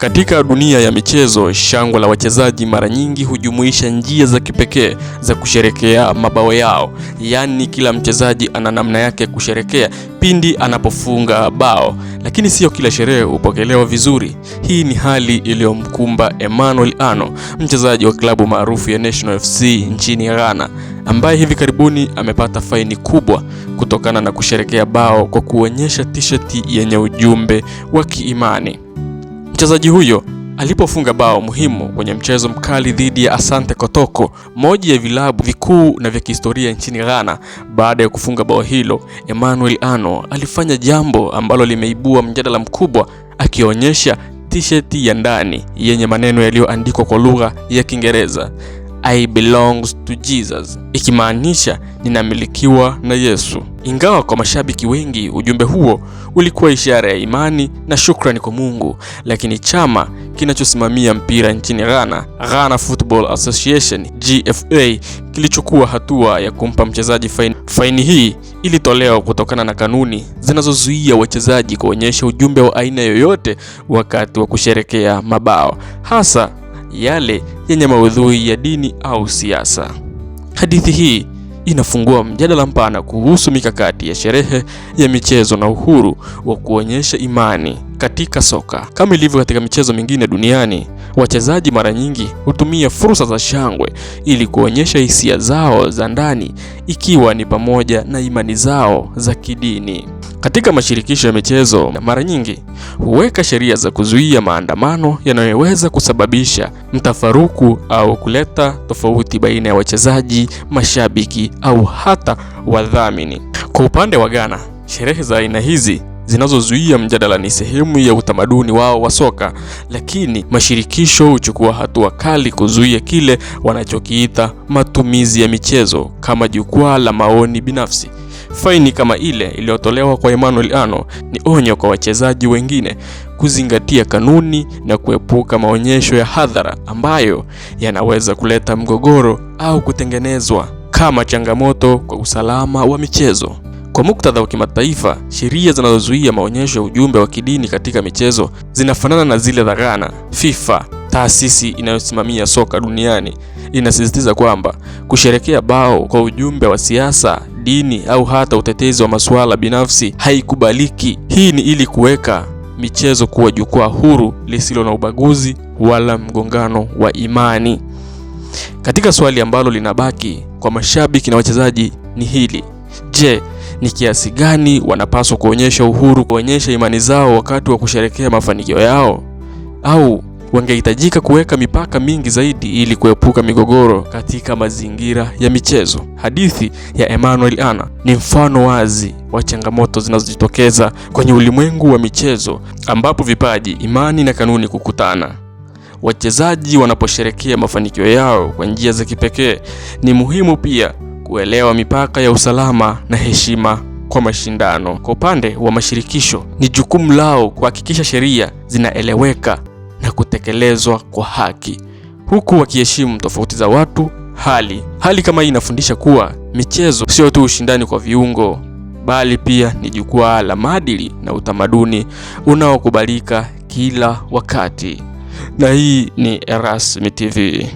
Katika dunia ya michezo, shangwe la wachezaji mara nyingi hujumuisha njia za kipekee za kusherekea mabao yao, yaani kila mchezaji ana namna yake kusherekea pindi anapofunga bao, lakini sio kila sherehe hupokelewa vizuri. Hii ni hali iliyomkumba Emmanuel Ano, mchezaji wa klabu maarufu ya National FC nchini Ghana, ambaye hivi karibuni amepata faini kubwa kutokana na kusherekea bao kwa kuonyesha t-shirt yenye ujumbe wa kiimani. Mchezaji huyo alipofunga bao muhimu kwenye mchezo mkali dhidi ya Asante Kotoko, moja ya vilabu vikuu na vya kihistoria nchini Ghana. Baada ya kufunga bao hilo, Emmanuel Ano alifanya jambo ambalo limeibua mjadala mkubwa, akionyesha tisheti ya ndani yenye maneno yaliyoandikwa kwa lugha ya Kiingereza. I belongs to Jesus, ikimaanisha ninamilikiwa na Yesu. Ingawa kwa mashabiki wengi ujumbe huo ulikuwa ishara ya imani na shukrani kwa Mungu, lakini chama kinachosimamia mpira nchini Ghana, Ghana Football Association GFA, kilichukua hatua ya kumpa mchezaji faini. Faini hii ilitolewa kutokana na kanuni zinazozuia wachezaji kuonyesha ujumbe wa aina yoyote wakati wa kusherekea mabao, hasa yale yenye maudhui ya dini au siasa. Hadithi hii inafungua mjadala mpana kuhusu mikakati ya sherehe ya michezo na uhuru wa kuonyesha imani katika soka. Kama ilivyo katika michezo mingine duniani, wachezaji mara nyingi hutumia fursa za shangwe ili kuonyesha hisia zao za ndani, ikiwa ni pamoja na imani zao za kidini. Katika mashirikisho ya michezo, mara nyingi huweka sheria za kuzuia maandamano yanayoweza kusababisha mtafaruku au kuleta tofauti baina ya wachezaji, mashabiki au hata wadhamini. Kwa upande wa Ghana, sherehe za aina hizi zinazozuia mjadala ni sehemu ya utamaduni wao wa soka, lakini mashirikisho huchukua hatua kali kuzuia kile wanachokiita matumizi ya michezo kama jukwaa la maoni binafsi. Faini kama ile iliyotolewa kwa Emmanuel Ano ni onyo kwa wachezaji wengine kuzingatia kanuni na kuepuka maonyesho ya hadhara ambayo yanaweza kuleta mgogoro au kutengenezwa kama changamoto kwa usalama wa michezo. Kwa muktadha wa kimataifa, sheria zinazozuia maonyesho ya ujumbe wa kidini katika michezo zinafanana na zile za Ghana. FIFA, taasisi inayosimamia soka duniani, inasisitiza kwamba kusherekea bao kwa ujumbe wa siasa, dini au hata utetezi wa masuala binafsi haikubaliki. Hii ni ili kuweka michezo kuwa jukwaa huru lisilo na ubaguzi wala mgongano wa imani. Katika swali ambalo linabaki kwa mashabiki na wachezaji ni hili: je, ni kiasi gani wanapaswa kuonyesha uhuru kuonyesha imani zao wakati wa kusherekea mafanikio yao, au wangehitajika kuweka mipaka mingi zaidi ili kuepuka migogoro katika mazingira ya michezo. Hadithi ya Emmanuel Anna ni mfano wazi wa changamoto zinazojitokeza kwenye ulimwengu wa michezo ambapo vipaji, imani na kanuni kukutana. Wachezaji wanaposherekea mafanikio yao kwa njia za kipekee, ni muhimu pia kuelewa mipaka ya usalama na heshima kwa mashindano. Kwa upande wa mashirikisho, ni jukumu lao kuhakikisha sheria zinaeleweka na kutekelezwa kwa haki, huku wakiheshimu tofauti za watu. Hali hali kama hii inafundisha kuwa michezo sio tu ushindani kwa viungo, bali pia ni jukwaa la maadili na utamaduni unaokubalika kila wakati. Na hii ni Erasmi TV.